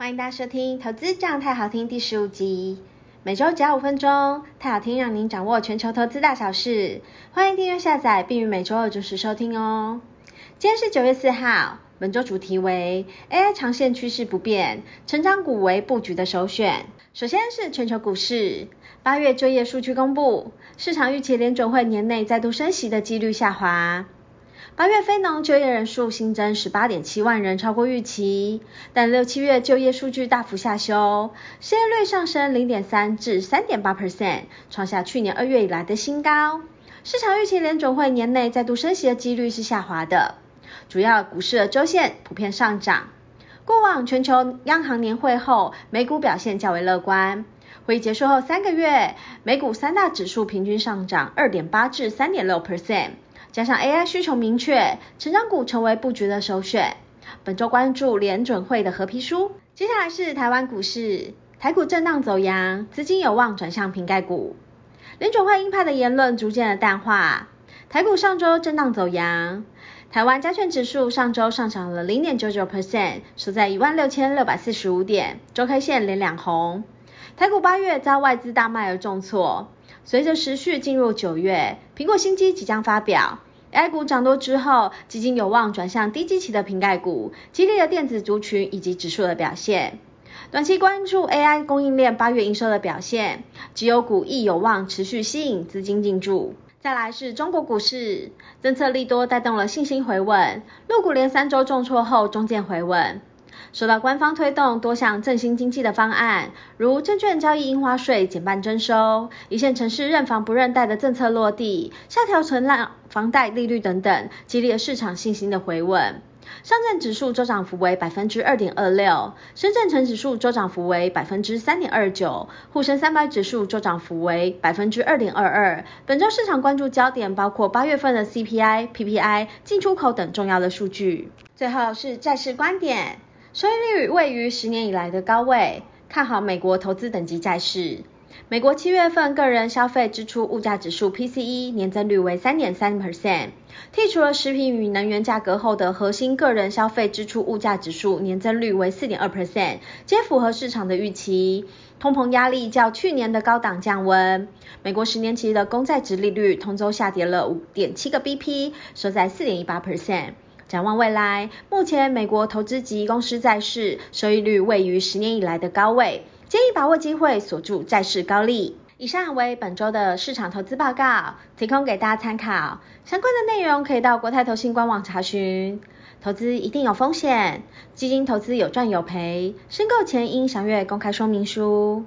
歡迎大家收聽《投資這樣泰好聽》第十五集，每周只要五分鐘，泰好聽讓您掌握全球投資大小事。歡迎訂閱下載，並於每周二準時收聽哦。今天是九月四號，本周主題為 AI 長線趨勢不變，成長股為布局的首選。首先是全球股市，八月就業數據公布，市場預期聯準會年內再度升息的幾率下滑。八月非農就業人數新增十八點七萬人，超過預期，但六七月就業數據大幅下修，失業率上升零點三至三點八 percent，創下去年二月以來的新高。市場預期聯準會年內再度升息的幾率是下滑的。主要股市的周線普遍上漲。過往全球央行年會後，美股表現較為樂觀。會議結束後三個月，美股三大指數平均上漲二點八至三點六 percent。加上 AI 需求明確，成長股成為布局的首選。本周關注聯準會的褐皮書。接下來是台灣股市，台股震盪走揚，資金有望轉向蘋概股。聯準會鷹派的言論逐漸的淡化，台股上周震盪走揚。台灣加權指數上周上漲了零點九九 percent，收在一萬六千六百四十五點，周 K 線連兩紅。台股八月遭外資大賣而重挫，隨着時序進入九月，蘋果新機即將發表，AI 股漲多之後，資金有望轉向低基期的蘋概股，激勵了電子族群以及指數的表現。短期關注 AI 供應鏈八月營收的表現，績優股亦有望持續吸引資金進駐。再來是中國股市，政策利多帶動了信心回穩，陸股連三周重挫後終見回穩。受到官方推動多項振興經濟的方案，如證券交易印花稅減半徵收、一線城市認房不認貸的政策落地、下調存量房貸利率等等，激勵市場信心的回穩。上證指數周漲幅為百分之二點二六，深圳成指數周漲幅為百分之三點二九，滬深三百指數周漲幅為百分之二點二二。本周市場關注焦點包括八月份的 CPI、PPI、進出口等重要的數據。最後是債市觀點。收益率位於十年以來的高位，看好美國投資等級債市。美國七月份個人消費支出物價指數 （PCE） 年增率為3.3%，剔除了食品與能源價格後的核心個人消費支出物價指數年增率為4.2%，皆符合市場的預期。通膨壓力較去年的高檔降溫。美國十年期的公債殖利率，同週下跌了五點七個 bp，收在4.18%。展望未來，目前美國投資級公司債市收益率位於十年以來的高位，建議把握機會鎖住債市高利。以上為本週的市場投資報告，提供給大家參考。相關的內容可以到國泰投信官網查詢。投資一定有風險，基金投資有賺有賠，申購前應詳閱公開說明書。